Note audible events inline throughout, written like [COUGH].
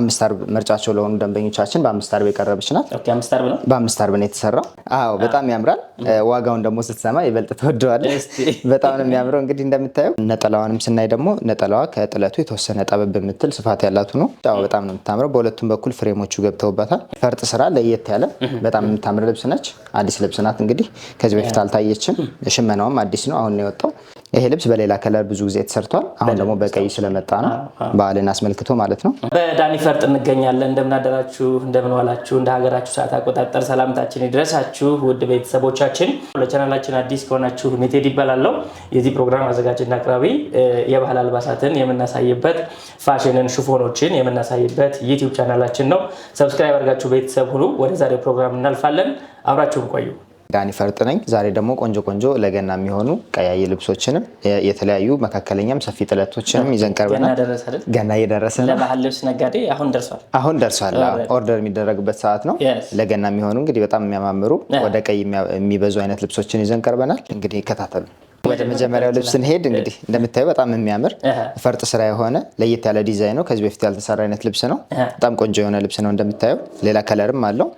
አምስት አርብ ምርጫቸው ለሆኑ ደንበኞቻችን በአምስት አርብ የቀረበች ናት። በአምስት አርብ ነው የተሰራው። አዎ በጣም ያምራል። ዋጋውን ደግሞ ስትሰማ ይበልጥ ትወደዋለህ። [LAUGHS] በጣም ነው የሚያምረው። እንግዲህ እንደምታየው ነጠላዋንም ስናይ ደግሞ ነጠላዋ ከጥለቱ የተወሰነ ጠበብ የምትል ስፋት ያላት ነው። በጣም ነው የምታምረው። በሁለቱም በኩል ፍሬሞቹ ገብተውበታል። ፈርጥ ስራ ለየት ያለ በጣም የምታምር ልብስ ነች። አዲስ ልብስ ናት። እንግዲህ ከዚህ በፊት አልታየችም። ሽመናውም አዲስ ነው፣ አሁን ነው የወጣው። ይሄ ልብስ በሌላ ከለር ብዙ ጊዜ ተሰርቷል። አሁን ደግሞ በቀይ ስለመጣ ነው በዓልን አስመልክቶ ማለት ነው። በዳኒ ፈርጥ እንገኛለን። እንደምናደራችሁ፣ እንደምንዋላችሁ፣ እንደ ሀገራችሁ ሰዓት አቆጣጠር ሰላምታችን ይድረሳችሁ ውድ ቤተሰቦቻችን። ለቻናላችን አዲስ ከሆናችሁ ሜቴድ ይባላለው። የዚህ ፕሮግራም አዘጋጅና አቅራቢ የባህል አልባሳትን የምናሳይበት ፋሽንን፣ ሽፎኖችን የምናሳይበት ዩቲዩብ ቻናላችን ነው። ሰብስክራይብ አድርጋችሁ ቤተሰብ ሁሉ ወደ ዛሬው ፕሮግራም እናልፋለን። አብራችሁን ቆዩ። ዳኒ ፈርጥ ነኝ። ዛሬ ደግሞ ቆንጆ ቆንጆ ለገና የሚሆኑ ቀያይ ልብሶችንም የተለያዩ መካከለኛም ሰፊ ጥለቶችንም ይዘን ቀርበናል። ገና እየደረሰ ለባህል ልብስ ነጋዴ አሁን ደርሷል፣ አሁን ደርሷል። ኦርደር የሚደረግበት ሰዓት ነው። ለገና የሚሆኑ እንግዲህ በጣም የሚያማምሩ ወደ ቀይ የሚበዙ አይነት ልብሶችን ይዘን ቀርበናል። እንግዲህ ይከታተሉ። ወደ መጀመሪያው ልብስ ስንሄድ እንግዲህ እንደምታዩ በጣም የሚያምር ፈርጥ ስራ የሆነ ለየት ያለ ዲዛይን ነው። ከዚህ በፊት ያልተሰራ አይነት ልብስ ነው። በጣም ቆንጆ የሆነ ልብስ ነው። እንደምታየው ሌላ ከለርም አለው።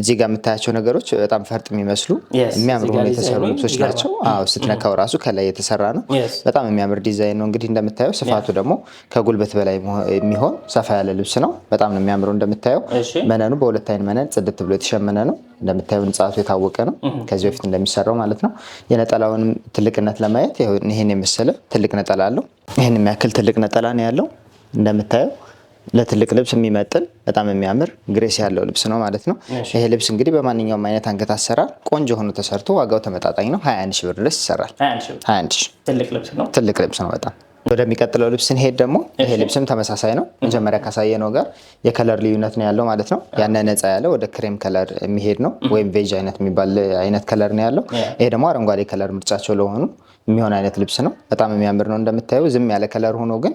እዚህ ጋር የምታያቸው ነገሮች በጣም ፈርጥ የሚመስሉ የሚያምሩ ሆነ የተሰሩ ልብሶች ናቸው። አዎ ስትነካው ራሱ ከላይ የተሰራ ነው። በጣም የሚያምር ዲዛይን ነው። እንግዲህ እንደምታየው ስፋቱ ደግሞ ከጉልበት በላይ የሚሆን ሰፋ ያለ ልብስ ነው። በጣም ነው የሚያምረው። እንደምታየው መነኑ በሁለት አይን መነን ጽድት ብሎ የተሸመነ ነው። እንደምታየው ንጻቱ የታወቀ ነው። ከዚህ በፊት እንደሚሰራው ማለት ነው። የነጠላውንም ትልቅነት ለማየት ይህን የመሰለ ትልቅ ነጠላ አለው። ይህን የሚያክል ትልቅ ነጠላ ነው ያለው። እንደምታየው ለትልቅ ልብስ የሚመጥን በጣም የሚያምር ግሬስ ያለው ልብስ ነው ማለት ነው። ይሄ ልብስ እንግዲህ በማንኛውም አይነት አንገት አሰራር ቆንጆ ሆኖ ተሰርቶ ዋጋው ተመጣጣኝ ነው። 21 ሺህ ብር ድረስ ይሰራል። ትልቅ ልብስ ነው በጣም ወደሚቀጥለው ልብስ ስንሄድ ደግሞ ይሄ ልብስም ተመሳሳይ ነው። መጀመሪያ ካሳየ ነው ጋር የከለር ልዩነት ነው ያለው ማለት ነው። ያነ ነፃ ያለ ወደ ክሬም ከለር የሚሄድ ነው ወይም ቬጅ አይነት የሚባል አይነት ከለር ነው ያለው። ይሄ ደግሞ አረንጓዴ ከለር ምርጫቸው ለሆኑ የሚሆን አይነት ልብስ ነው። በጣም የሚያምር ነው እንደምታየው ዝም ያለ ከለር ሆኖ ግን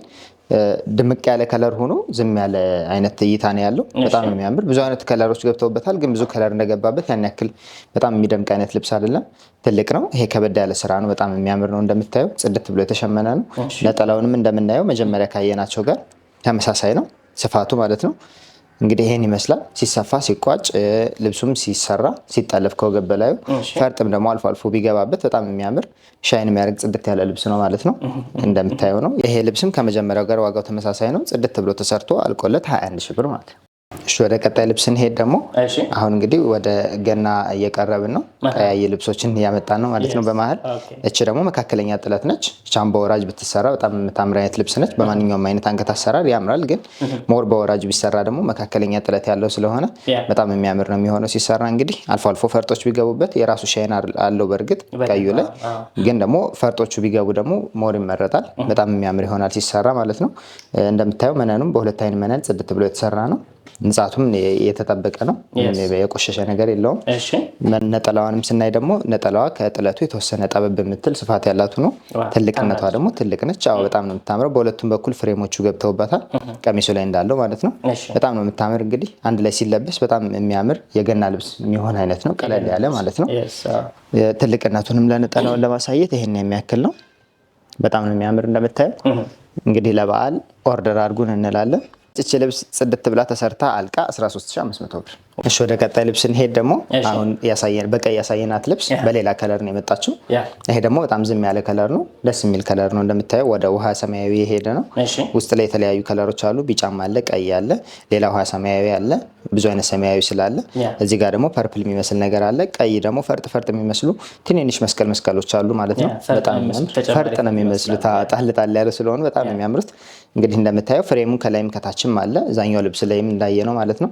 ድምቅ ያለ ከለር ሆኖ ዝም ያለ አይነት እይታ ነው ያለው። በጣም ነው የሚያምር። ብዙ አይነት ከለሮች ገብተውበታል፣ ግን ብዙ ከለር እንደገባበት ያን ያክል በጣም የሚደምቅ አይነት ልብስ አይደለም። ትልቅ ነው ይሄ። ከበድ ያለ ስራ ነው። በጣም የሚያምር ነው። እንደምታየው ጽድት ብሎ የተሸመነ ነው። ነጠላውንም እንደምናየው መጀመሪያ ካየናቸው ጋር ተመሳሳይ ነው ስፋቱ ማለት ነው። እንግዲህ ይህን ይመስላል ሲሰፋ ሲቋጭ ልብሱም ሲሰራ ሲጠለፍ ከወገብ በላዩ ፈርጥም ደግሞ አልፎ አልፎ ቢገባበት በጣም የሚያምር ሻይን የሚያደርግ ጽድት ያለ ልብስ ነው ማለት ነው። እንደምታየው ነው። ይሄ ልብስም ከመጀመሪያው ጋር ዋጋው ተመሳሳይ ነው። ጽድት ብሎ ተሰርቶ አልቆለት 21 ሺ ብር ማለት ነው። እሺ ወደ ቀጣይ ልብስ እንሄድ ደግሞ። አሁን እንግዲህ ወደ ገና እየቀረብን ነው። ቀያይ ልብሶችን እያመጣን ነው ማለት ነው በመሀል። እቺ ደግሞ መካከለኛ ጥለት ነች። ቻም በወራጅ ብትሰራ በጣም የምታምር አይነት ልብስ ነች። በማንኛውም አይነት አንገት አሰራር ያምራል። ግን mm-hmm. ሞር በወራጅ ቢሰራ ደግሞ መካከለኛ ጥለት ያለው ስለሆነ በጣም የሚያምር ነው የሚሆነው ሲሰራ። እንግዲህ አልፎ አልፎ ፈርጦች ቢገቡበት የራሱ ሻይን አለው። በእርግጥ ቀዩ ላይ ግን ደግሞ ፈርጦቹ ቢገቡ ደግሞ ሞር ይመረጣል። mm-hmm. በጣም የሚያምር ይሆናል ሲሰራ ማለት ነው። እንደምታየው መነኑም በሁለት አይን መነን ጽድት ብሎ የተሰራ ነው። ንጻቱም የተጠበቀ ነው። የቆሸሸ ነገር የለውም። ነጠላዋንም ስናይ ደግሞ ነጠላዋ ከጥለቱ የተወሰነ ጠበብ የምትል ስፋት ያላቱ ነው። ትልቅነቷ ደግሞ ትልቅ ነች። አዎ በጣም ነው የምታምረው። በሁለቱም በኩል ፍሬሞቹ ገብተውባታል፣ ቀሚሱ ላይ እንዳለው ማለት ነው። በጣም ነው የምታምር። እንግዲህ አንድ ላይ ሲለበስ በጣም የሚያምር የገና ልብስ የሚሆን አይነት ነው። ቀለል ያለ ማለት ነው። ትልቅነቱንም ለነጠላውን ለማሳየት ይሄን የሚያክል ነው። በጣም ነው የሚያምር። እንደምታየው እንግዲህ ለበዓል ኦርደር አድርጉን እንላለን። እቺ ልብስ ጽድት ብላ ተሰርታ አልቃ 13500 ብር እሺ ወደ ቀጣይ ልብስ እንሄድ። ደግሞ አሁን በቀይ ያሳየናት ልብስ በሌላ ከለር ነው የመጣችው። ይሄ ደግሞ በጣም ዝም ያለ ከለር ነው፣ ደስ የሚል ከለር ነው። እንደምታየው ወደ ውሃ ሰማያዊ የሄደ ነው። ውስጥ ላይ የተለያዩ ከለሮች አሉ። ቢጫም አለ፣ ቀይ አለ፣ ሌላ ውሃ ሰማያዊ አለ። ብዙ አይነት ሰማያዊ ስላለ እዚህ ጋር ደግሞ ፐርፕል የሚመስል ነገር አለ። ቀይ ደግሞ ፈርጥ ፈርጥ የሚመስሉ ትንንሽ መስቀል መስቀሎች አሉ ማለት ነው። በጣም ፈርጥ ነው የሚመስሉ ጣል ጣል ያለ ስለሆኑ በጣም ነው የሚያምሩት። እንግዲህ እንደምታየው ፍሬሙ ከላይም ከታችም አለ። እዛኛው ልብስ ላይም እንዳየ ነው ማለት ነው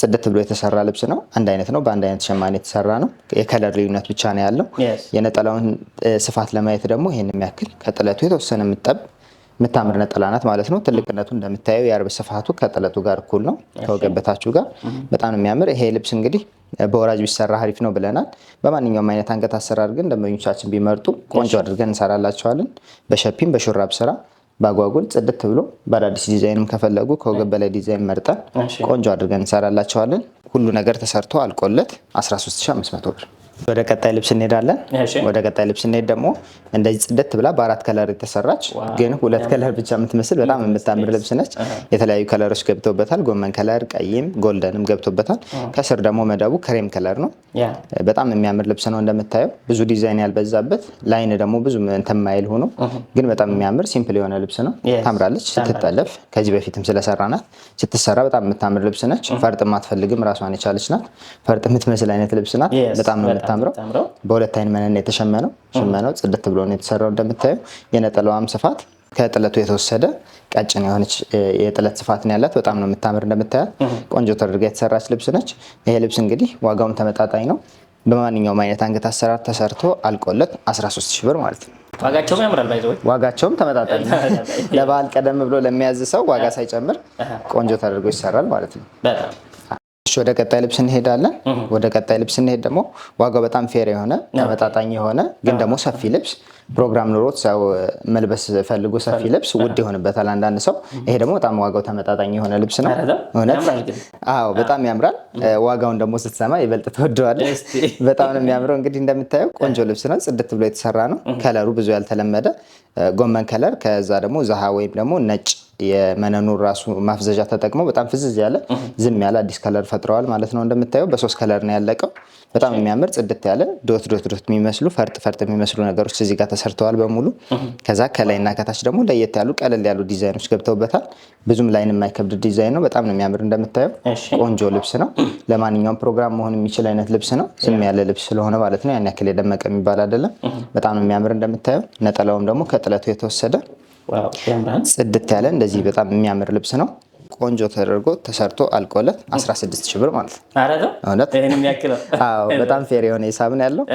ጽድት ብሎ የተሰራ ልብስ ነው። አንድ አይነት ነው፣ በአንድ አይነት ሸማኔ የተሰራ ነው። የከለር ልዩነት ብቻ ነው ያለው። የነጠላውን ስፋት ለማየት ደግሞ ይህን የሚያክል ከጥለቱ የተወሰነ የምጠብ የምታምር ነጠላ ናት ማለት ነው። ትልቅነቱ እንደምታየው የአርብ ስፋቱ ከጥለቱ ጋር እኩል ነው፣ ከወገበታችሁ ጋር mm-hmm. በጣም የሚያምር ይሄ ልብስ እንግዲህ በወራጅ ቢሰራ አሪፍ ነው ብለናል። በማንኛውም አይነት አንገት አሰራር ግን ደንበኞቻችን ቢመርጡ ቆንጆ አድርገን እንሰራላቸዋለን። በሸፒም በሹራብ ስራ በአጓጉል ጽድት ብሎ በአዳዲስ ዲዛይንም ከፈለጉ ከወገብ በላይ ዲዛይን መርጠን ቆንጆ አድርገን እንሰራላቸዋለን። ሁሉ ነገር ተሰርቶ አልቆለት 13500 ብር ወደ ቀጣይ ልብስ እንሄዳለን። ወደ ቀጣይ ልብስ እንሄድ ደግሞ እንደዚህ ጽደት ብላ በአራት ከለር የተሰራች ግን ሁለት ከለር ብቻ የምትመስል በጣም የምታምር ልብስ ነች። የተለያዩ ከለሮች ገብቶበታል። ጎመን ከለር፣ ቀይም ጎልደንም ገብቶበታል። ከስር ደግሞ መደቡ ክሬም ከለር ነው። በጣም የሚያምር ልብስ ነው እንደምታየው፣ ብዙ ዲዛይን ያልበዛበት ላይን ደግሞ ብዙ እንትማይል ሆኖ ግን በጣም የሚያምር ሲምፕል የሆነ ልብስ ነው። ታምራለች ስትጠለፍ፣ ከዚህ በፊትም ስለሰራናት ስትሰራ በጣም የምታምር ልብስ ነች። ፈርጥ ማትፈልግም ራሷን የቻለች ናት። ፈርጥ የምትመስል አይነት ልብስ ናት። በጣም የምታምረው በሁለት አይን መነን የተሸመነው ሽመናው ጽድት ብሎ ነው የተሰራው። እንደምታየው የነጠላዋም ስፋት ከጥለቱ የተወሰደ ቀጭን የሆነች የጥለት ስፋት ነው ያላት። በጣም ነው የምታምር። እንደምታያት ቆንጆ ተደርጋ የተሰራች ልብስ ነች። ይሄ ልብስ እንግዲህ ዋጋውም ተመጣጣኝ ነው። በማንኛውም አይነት አንገት አሰራር ተሰርቶ አልቆለት 13 ሺ ብር ማለት ነው። ዋጋቸውም ያምራል። ባይዘ ዋጋቸውም ተመጣጣኝ ለበዓል ቀደም ብሎ ለሚያዝ ሰው ዋጋ ሳይጨምር ቆንጆ ተደርጎ ይሰራል ማለት ነው። እሺ ወደ ቀጣይ ልብስ እንሄዳለን። ወደ ቀጣይ ልብስ እንሄድ ደግሞ ዋጋው በጣም ፌር የሆነ ተመጣጣኝ የሆነ ግን ደግሞ ሰፊ ልብስ ፕሮግራም ኑሮት ሰው መልበስ ፈልጎ ሰፊ ልብስ ውድ ይሆንበታል አንዳንድ ሰው። ይሄ ደግሞ በጣም ዋጋው ተመጣጣኝ የሆነ ልብስ ነው። እውነት አዎ፣ በጣም ያምራል። ዋጋውን ደግሞ ስትሰማ ይበልጥ ትወደዋለህ። በጣም ነው የሚያምረው። እንግዲህ እንደምታየው ቆንጆ ልብስ ነው። ጽድት ብሎ የተሰራ ነው። ከለሩ ብዙ ያልተለመደ ጎመን ከለር ከዛ ደግሞ ዛሃ ወይም ደግሞ ነጭ የመነኑር ራሱ ማፍዘዣ ተጠቅመው በጣም ፍዝዝ ያለ ዝም ያለ አዲስ ከለር ፈጥረዋል ማለት ነው። እንደምታየው በሶስት ከለር ነው ያለቀው። በጣም የሚያምር ጽድት ያለ ዶት ዶት ዶት የሚመስሉ ፈርጥ ፈርጥ የሚመስሉ ነገሮች እዚህ ጋር ተሰርተዋል በሙሉ። ከዛ ከላይና ከታች ደግሞ ለየት ያሉ ቀለል ያሉ ዲዛይኖች ገብተውበታል። ብዙም ላይን የማይከብድ ዲዛይን ነው። በጣም ነው የሚያምር። እንደምታየው ቆንጆ ልብስ ነው። ለማንኛውም ፕሮግራም መሆን የሚችል አይነት ልብስ ነው። ዝም ያለ ልብስ ስለሆነ ማለት ነው። ያን ያክል የደመቀ የሚባል አይደለም። በጣም ነው የሚያምር እንደምታየው። ነጠላውም ደግሞ ከጥለቱ የተወሰደ ጽድት ያለ እንደዚህ በጣም የሚያምር ልብስ ነው። ቆንጆ ተደርጎ ተሰርቶ አልቆለት 16 ሺህ ብር ማለት ነው። በጣም ፌር የሆነ ሂሳብ ነው ያለው።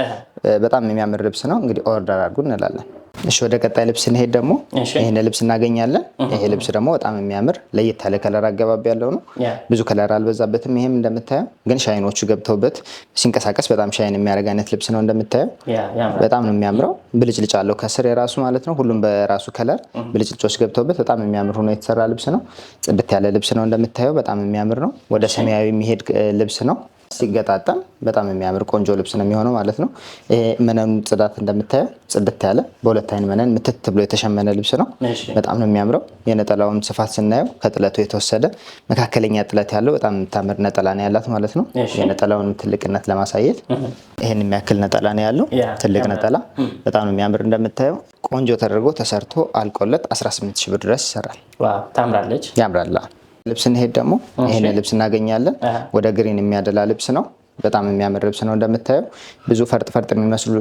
በጣም የሚያምር ልብስ ነው። እንግዲህ ኦርደር አድርጉ እንላለን። እሺ ወደ ቀጣይ ልብስ ስንሄድ ደግሞ ይህን ልብስ እናገኛለን። ይሄ ልብስ ደግሞ በጣም የሚያምር ለየት ያለ ከለር አገባብ ያለው ነው። ብዙ ከለር አልበዛበትም። ይሄም እንደምታየው ግን ሻይኖቹ ገብተውበት ሲንቀሳቀስ በጣም ሻይን የሚያደርግ አይነት ልብስ ነው። እንደምታየው በጣም ነው የሚያምረው። ብልጭልጭ አለው ከስር የራሱ ማለት ነው። ሁሉም በራሱ ከለር ብልጭልጮች ገብተውበት በጣም የሚያምር ሆኖ የተሰራ ልብስ ነው። ጽድት ያለ ልብስ ነው። እንደምታየው በጣም የሚያምር ነው። ወደ ሰማያዊ የሚሄድ ልብስ ነው። ሲገጣጠም በጣም የሚያምር ቆንጆ ልብስ ነው የሚሆነው ማለት ነው። መነኑ ጽዳት እንደምታየው ጽድት ያለ በሁለት አይን መነን ምትት ብሎ የተሸመነ ልብስ ነው። በጣም ነው የሚያምረው። የነጠላውን ስፋት ስናየው ከጥለቱ የተወሰደ መካከለኛ ጥለት ያለው በጣም የምታምር ነጠላ ነው ያላት ማለት ነው። የነጠላውን ትልቅነት ለማሳየት ይህን የሚያክል ነጠላ ነው ያለው። ትልቅ ነጠላ በጣም ነው የሚያምር እንደምታየው ቆንጆ ተደርጎ ተሰርቶ አልቆለት 18 ሺህ ብር ድረስ ይሰራል። ታምራለች፣ ያምራል ልብስ እንሄድ ደግሞ ይህን ልብስ እናገኛለን። ወደ ግሪን የሚያደላ ልብስ ነው። በጣም የሚያምር ልብስ ነው። እንደምታየው ብዙ ፈርጥ ፈርጥ የሚመስሉ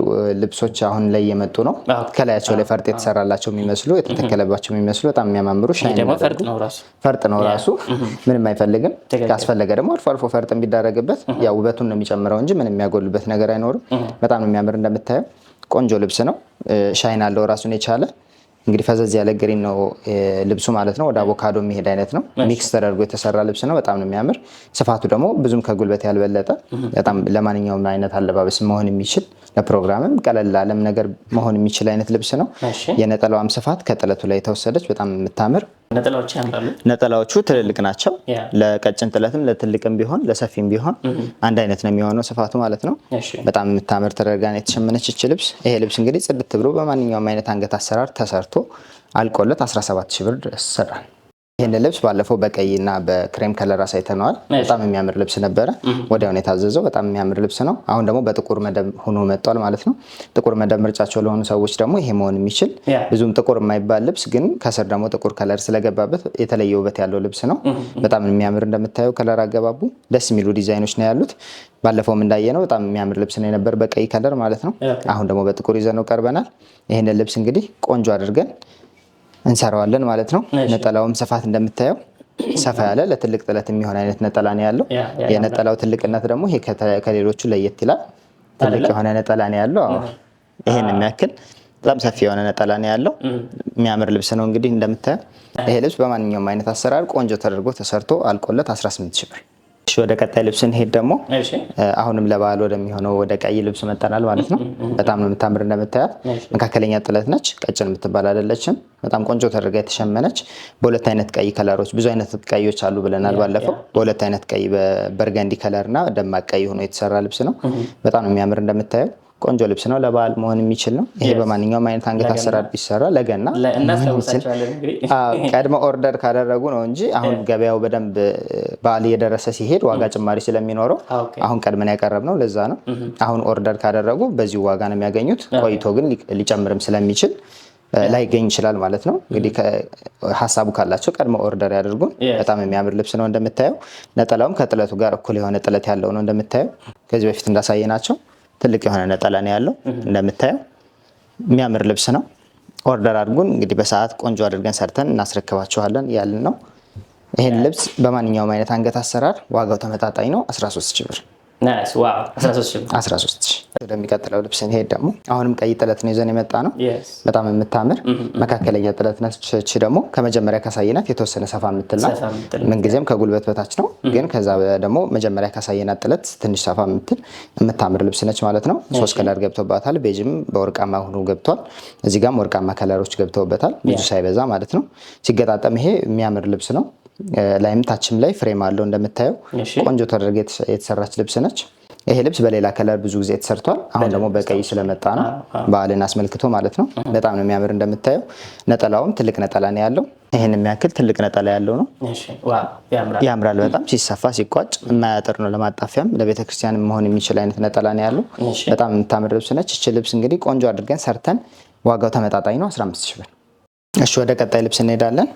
ልብሶች አሁን ላይ እየመጡ ነው። ከላያቸው ላይ ፈርጥ የተሰራላቸው የሚመስሉ የተተከለባቸው የሚመስሉ በጣም የሚያማምሩ ፈርጥ ነው ራሱ ምንም አይፈልግም። ካስፈለገ ደግሞ አልፎ አልፎ ፈርጥ የሚዳረግበት ያው ውበቱን ነው የሚጨምረው እንጂ ምንም የሚያጎሉበት ነገር አይኖርም። በጣም የሚያምር እንደምታየው ቆንጆ ልብስ ነው። ሻይን አለው ራሱን የቻለ እንግዲህ ፈዘዝ ያለ ግሪን ነው ልብሱ ማለት ነው። ወደ አቮካዶ የሚሄድ አይነት ነው። ሚክስ ተደርጎ የተሰራ ልብስ ነው። በጣም ነው የሚያምር። ስፋቱ ደግሞ ብዙም ከጉልበት ያልበለጠ በጣም ለማንኛውም አይነት አለባበስ መሆን የሚችል ለፕሮግራምም ቀለል ላለም ነገር መሆን የሚችል አይነት ልብስ ነው። የነጠላዋም ስፋት ከጥለቱ ላይ የተወሰደች በጣም የምታምር ነጠላዎቹ ትልልቅ ናቸው። ለቀጭን ጥለትም ለትልቅም ቢሆን ለሰፊም ቢሆን አንድ አይነት ነው የሚሆነው ስፋቱ ማለት ነው። በጣም የምታምር ተደርጋ የተሸመነች ይች ልብስ። ይሄ ልብስ እንግዲህ ጽድት ብሎ በማንኛውም አይነት አንገት አሰራር ተሰርቶ አልቆለት 17 ሺህ ብር ይሰራል። ይህን ልብስ ባለፈው በቀይና በክሬም ከለር አሳይተነዋል። በጣም የሚያምር ልብስ ነበረ። ወዲያው የታዘዘው። በጣም የሚያምር ልብስ ነው። አሁን ደግሞ በጥቁር መደብ ሆኖ መጥቷል ማለት ነው። ጥቁር መደብ ምርጫቸው ለሆኑ ሰዎች ደግሞ ይሄ መሆን የሚችል ብዙም ጥቁር የማይባል ልብስ ግን ከስር ደግሞ ጥቁር ከለር ስለገባበት የተለየ ውበት ያለው ልብስ ነው። በጣም የሚያምር እንደምታየው ከለር አገባቡ ደስ የሚሉ ዲዛይኖች ነው ያሉት። ባለፈውም እንዳየ ነው በጣም የሚያምር ልብስ ነው የነበር በቀይ ከለር ማለት ነው። አሁን ደግሞ በጥቁር ይዘነው ቀርበናል። ይህንን ልብስ እንግዲህ ቆንጆ አድርገን እንሰራዋለን ማለት ነው። ነጠላውም ስፋት እንደምታየው ሰፋ ያለ ለትልቅ ጥለት የሚሆን አይነት ነጠላ ነው ያለው። የነጠላው ትልቅነት ደግሞ ይሄ ከሌሎቹ ለየት ይላል። ትልቅ የሆነ ነጠላ ነው ያለው። ይሄን የሚያክል በጣም ሰፊ የሆነ ነጠላ ነው ያለው። የሚያምር ልብስ ነው እንግዲህ እንደምታየው። ይሄ ልብስ በማንኛውም አይነት አሰራር ቆንጆ ተደርጎ ተሰርቶ አልቆለት 18 ሺህ ብር እሺ ወደ ቀጣይ ልብስ እንሄድ። ደግሞ አሁንም ለበዓል ወደሚሆነው ወደ ቀይ ልብስ መጠናል ማለት ነው። በጣም ነው የምታምር እንደምታያት፣ መካከለኛ ጥለት ነች። ቀጭን የምትባል አይደለችም። በጣም ቆንጆ ተደርጋ የተሸመነች በሁለት አይነት ቀይ ከለሮች፣ ብዙ አይነት ቀዮች አሉ ብለናል ባለፈው። በሁለት አይነት ቀይ በበርገንዲ ከለር እና ደማቅ ቀይ ሆኖ የተሰራ ልብስ ነው። በጣም ነው የሚያምር እንደምታየው ቆንጆ ልብስ ነው። ለበዓል መሆን የሚችል ነው። ይሄ በማንኛውም አይነት አንገት አሰራር ቢሰራ ለገና ቀድመ ኦርደር ካደረጉ ነው እንጂ አሁን ገበያው በደንብ በዓል እየደረሰ ሲሄድ ዋጋ mm. ጭማሪ ስለሚኖረው ah, አሁን ቀድመን ያቀረብ ነው። ለዛ ነው mm-hmm. አሁን ኦርደር ካደረጉ በዚሁ ዋጋ ነው የሚያገኙት። ቆይቶ ግን ሊጨምርም ስለሚችል ላይገኝ ይችላል ማለት ነው። mm-hmm. እንግዲህ ሀሳቡ ካላቸው ቀድሞ ኦርደር ያደርጉን በጣም የሚያምር ልብስ ነው እንደምታየው። ነጠላውም ከጥለቱ ጋር እኩል የሆነ ጥለት ያለው ነው እንደምታየው ከዚህ በፊት እንዳሳየ ናቸው። ትልቅ የሆነ ነጠላ ነው ያለው እንደምታየው የሚያምር ልብስ ነው። ኦርደር አድርጉን እንግዲህ በሰዓት ቆንጆ አድርገን ሰርተን እናስረክባችኋለን ያልን ነው። ይህን ልብስ በማንኛውም አይነት አንገት አሰራር ዋጋው ተመጣጣኝ ነው፣ 13 ሺህ ብር ወደሚቀጥለው ልብስ ሄድ ደግሞ አሁንም ቀይ ጥለት ነው ይዘን የመጣ ነው። በጣም የምታምር mm-hmm, mm-hmm. መካከለኛ ጥለት ነች። ደግሞ ከመጀመሪያ ካሳየናት የተወሰነ ሰፋ የምትልናት ምንጊዜም ከጉልበት በታች ነው፣ mm-hmm. ግን ከዛ ደግሞ መጀመሪያ ካሳየናት ጥለት ትንሽ ሰፋ የምትል የምታምር ልብስ ነች ማለት ነው። ሶስት ከለር ገብቶባታል። ቤጅም በወርቃማ ሆኖ ገብቷል። እዚህ ጋም ወርቃማ ከለሮች ገብተውበታል፣ ብዙ ሳይበዛ ማለት ነው። ሲገጣጠም ይሄ የሚያምር ልብስ ነው። ላይም ታችም ላይ ፍሬም አለው እንደምታየው ቆንጆ ተደርገ የተሰራች ልብስ ነች። ይሄ ልብስ በሌላ ከለር ብዙ ጊዜ ተሰርቷል። አሁን ደግሞ በቀይ ስለመጣ ነው በዓልን አስመልክቶ ማለት ነው። በጣም ነው የሚያምር እንደምታየው። ነጠላውም ትልቅ ነጠላ ነው ያለው። ይህን የሚያክል ትልቅ ነጠላ ያለው ነው። ያምራል በጣም ሲሰፋ ሲቋጭ የማያጥር ነው። ለማጣፊያም ለቤተ ክርስቲያን መሆን የሚችል አይነት ነጠላ ነው ያለው። በጣም የምታምር ልብስ ነች። እች ልብስ እንግዲህ ቆንጆ አድርገን ሰርተን ዋጋው ተመጣጣኝ ነው 15 ሺህ ብር እሺ ወደ ቀጣይ ልብስ እንሄዳለን።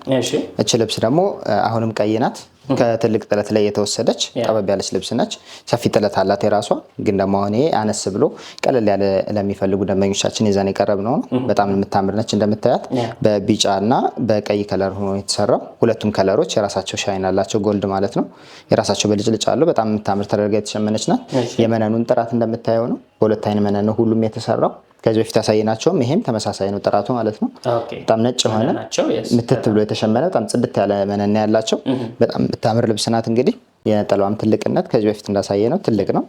እች ልብስ ደግሞ አሁንም ቀይ ናት። ከትልቅ ጥለት ላይ የተወሰደች ጠበብ ያለች ልብስ ነች። ሰፊ ጥለት አላት የራሷ ግን ደግሞ አሁን ይሄ አነስ ብሎ ቀለል ያለ ለሚፈልጉ ደንበኞቻችን ይዘን የቀረብ ነው። በጣም የምታምር ነች። እንደምታያት በቢጫ እና በቀይ ከለር ሆኖ የተሰራው ሁለቱም ከለሮች የራሳቸው ሻይን አላቸው። ጎልድ ማለት ነው። የራሳቸው በልጭልጭ አለው። በጣም የምታምር ተደርጋ የተሸመነች ናት። የመነኑን ጥራት እንደምታየው ነው። በሁለት አይን መነን ሁሉም የተሰራው ከዚህ በፊት ያሳየናቸውም ይሄም ተመሳሳይ ነው ጥራቱ ማለት ነው። በጣም ነጭ የሆነ ምትት ብሎ የተሸመነ በጣም ጽድት ያለ መነና ያላቸው በጣም የምታምር ልብስ ናት። እንግዲህ የነጠላዋም ትልቅነት ከዚህ በፊት እንዳሳየ ነው ትልቅ ነው።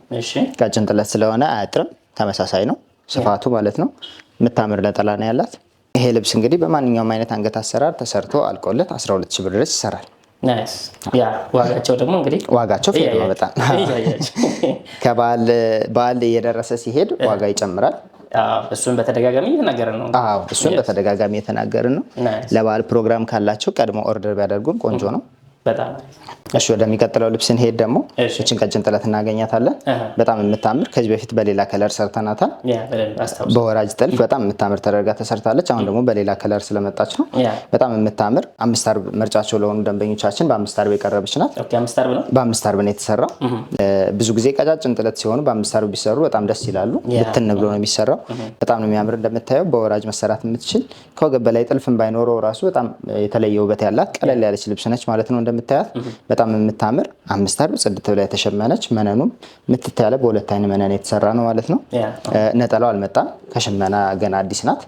ቀጭን ጥለት ስለሆነ አያጥርም። ተመሳሳይ ነው ስፋቱ ማለት ነው። የምታምር ነጠላ ነው ያላት። ይሄ ልብስ እንግዲህ በማንኛውም አይነት አንገት አሰራር ተሰርቶ አልቆለት 12 ሺ ብር ድረስ ይሰራል። ዋጋቸው ደግሞ እንግዲህ ዋጋቸው በጣም ከባል እየደረሰ ሲሄድ ዋጋ ይጨምራል። እሱን በተደጋጋሚ እየተናገርን ነው። እሱን በተደጋጋሚ እየተናገርን ነው። ለበዓል ፕሮግራም ካላቸው ቀድሞ ኦርደር ቢያደርጉን ቆንጆ ነው። በጣም እሺ ወደሚቀጥለው ልብስ እንሄድ። ደግሞ እችን ቀጭን ጥለት እናገኛታለን። በጣም የምታምር ከዚህ በፊት በሌላ ከለር ሰርተናታል። በወራጅ ጥልፍ በጣም የምታምር ተደርጋ ተሰርታለች። አሁን ደግሞ በሌላ ከለር ስለመጣች ነው በጣም የምታምር። አምስት አርብ ምርጫቸው ለሆኑ ደንበኞቻችን በአምስት አርብ የቀረበች ናት። በአምስት አርብ ነው የተሰራው። ብዙ ጊዜ ቀጫጭን ጥለት ሲሆኑ በአምስት አርብ ቢሰሩ በጣም ደስ ይላሉ። ብትን ብሎ ነው የሚሰራው። በጣም ነው የሚያምር። እንደምታየው በወራጅ መሰራት የምትችል ከወገብ በላይ ጥልፍን ባይኖረው ራሱ በጣም የተለየ ውበት ያላት ቀለል ያለች ልብስ ነች ማለት ነው። እንደምታያት በጣም የምታምር አምስት አርብ ጽድት ብላ የተሸመነች መነኑም የምትታያለ በሁለት አይን መነን የተሰራ ነው ማለት ነው። ነጠላው አልመጣም ከሽመና ገና አዲስ ናት።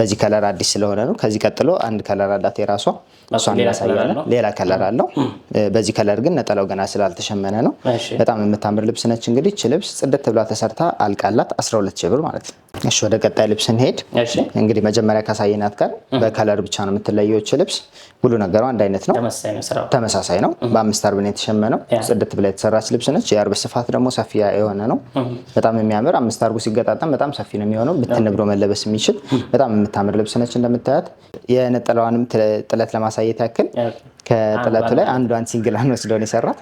በዚህ ከለር አዲስ ስለሆነ ነው። ከዚህ ቀጥሎ አንድ ከለር አላት የራሷ እሷን ሌላ ከለር አለው። በዚህ ከለር ግን ነጠላው ገና ስላልተሸመነ ነው። በጣም የምታምር ልብስ ነች። እንግዲህ ች ልብስ ጽድት ብላ ተሰርታ አልቃላት 12 ሺህ ብር ማለት ነው። እሺ ወደ ቀጣይ ልብስ እንሄድ። እንግዲህ መጀመሪያ ካሳየናት ጋር በከለር ብቻ ነው የምትለየው። ልብስ ሁሉ ነገሩ አንድ አይነት ነው፣ ተመሳሳይ ነው። በአምስት አርብ ነው የተሸመነው። ጽድት ብላ የተሰራች ልብስ ነች። የአርብ ስፋት ደግሞ ሰፊ የሆነ ነው። በጣም የሚያምር አምስት አርቡ ሲገጣጠም በጣም ሰፊ ነው የሚሆነው። ብትን ብሎ መለበስ የሚችል በጣም የምታምር ልብስ ነች። እንደምታያት የነጠላዋንም ጥለት ለማሳ ለማሳየት ያክል ከጥለቱ ላይ አንዷን ሲንግል አንድ የሰራት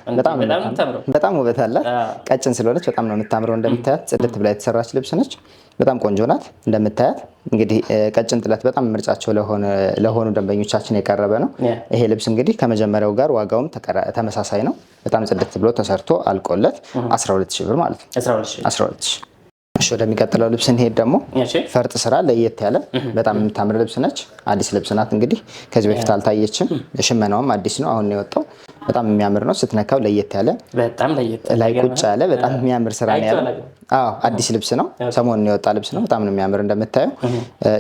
በጣም ውበት አላት። ቀጭን ስለሆነች በጣም ነው የምታምረው። እንደምታያት ጽድት ብላ የተሰራች ልብስ ነች። በጣም ቆንጆ ናት። እንደምታያት እንግዲህ ቀጭን ጥለት በጣም ምርጫቸው ለሆኑ ደንበኞቻችን የቀረበ ነው። ይሄ ልብስ እንግዲህ ከመጀመሪያው ጋር ዋጋውም ተመሳሳይ ነው። በጣም ጽድት ብሎ ተሰርቶ አልቆለት 12 ሺህ ብር ማለት ነው። እሺ ወደሚቀጥለው ልብስ እንሄድ። ደግሞ ፈርጥ ስራ ለየት ያለ በጣም የምታምር ልብስ ነች። አዲስ ልብስ ናት። እንግዲህ ከዚህ በፊት አልታየችም። ሽመናውም አዲስ ነው፣ አሁን ነው የወጣው። በጣም የሚያምር ነው። ስትነካው ለየት ያለ ላይ ቁጭ ያለ በጣም የሚያምር ስራ ነው ያለው። አዲስ ልብስ ነው፣ ሰሞኑን የወጣ ልብስ ነው። በጣም ነው የሚያምር እንደምታየው።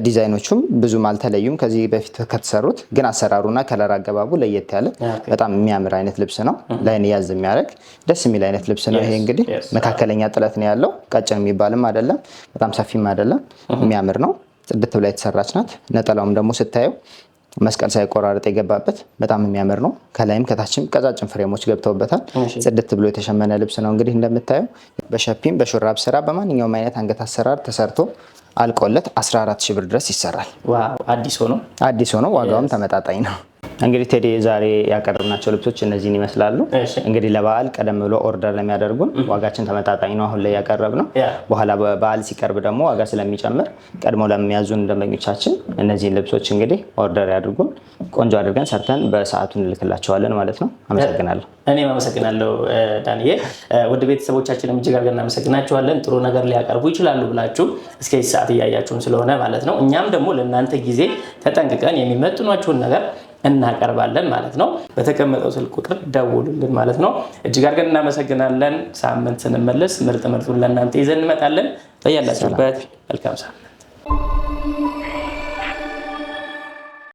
ዲዛይኖቹም ብዙም አልተለዩም ከዚህ በፊት ከተሰሩት፣ ግን አሰራሩና ከለር አገባቡ ለየት ያለ በጣም የሚያምር አይነት ልብስ ነው። ላይን ያዝ የሚያደርግ ደስ የሚል አይነት ልብስ ነው። ይሄ እንግዲህ መካከለኛ ጥለት ነው ያለው። ቀጭን የሚባልም አይደለም፣ በጣም ሰፊም አይደለም። የሚያምር ነው። ጽድት ብላ የተሰራች ናት። ነጠላውም ደግሞ ስታየው መስቀል ሳይቆራረጥ የገባበት በጣም የሚያምር ነው። ከላይም ከታችም ቀጫጭን ፍሬሞች ገብተውበታል። ጽድት ብሎ የተሸመነ ልብስ ነው። እንግዲህ እንደምታየው በሸፒም በሹራብ ስራ በማንኛውም አይነት አንገት አሰራር ተሰርቶ አልቆለት 14 ሺህ ብር ድረስ ይሰራል። አዲስ ሆኖ አዲስ ሆኖ ዋጋውም ተመጣጣኝ ነው። እንግዲህ ቴዲ ዛሬ ያቀረብናቸው ልብሶች እነዚህን ይመስላሉ። እንግዲህ ለበዓል ቀደም ብሎ ኦርደር ለሚያደርጉን ዋጋችን ተመጣጣኝ ነው አሁን ላይ ያቀረብ ነው። በኋላ በዓል ሲቀርብ ደግሞ ዋጋ ስለሚጨምር ቀድሞ ለሚያዙን ደንበኞቻችን እነዚህን ልብሶች እንግዲህ ኦርደር ያድርጉን። ቆንጆ አድርገን ሰርተን በሰዓቱ እንልክላቸዋለን ማለት ነው። አመሰግናለሁ። እኔም አመሰግናለሁ ዳንኤል። ውድ ቤተሰቦቻችንም እጅግ አድርገን እናመሰግናቸዋለን። ጥሩ ነገር ሊያቀርቡ ይችላሉ ብላችሁ እስከ ሰዓት እያያችሁን ስለሆነ ማለት ነው እኛም ደግሞ ለእናንተ ጊዜ ተጠንቅቀን የሚመጥኗችሁን ነገር እናቀርባለን ማለት ነው። በተቀመጠው ስልክ ቁጥር ደውሉልን ማለት ነው። እጅግ አድርገን እናመሰግናለን። ሳምንት ስንመለስ ምርጥ ምርጡን ለእናንተ ይዘን እንመጣለን። በያላችሁበት መልካም ሳምንት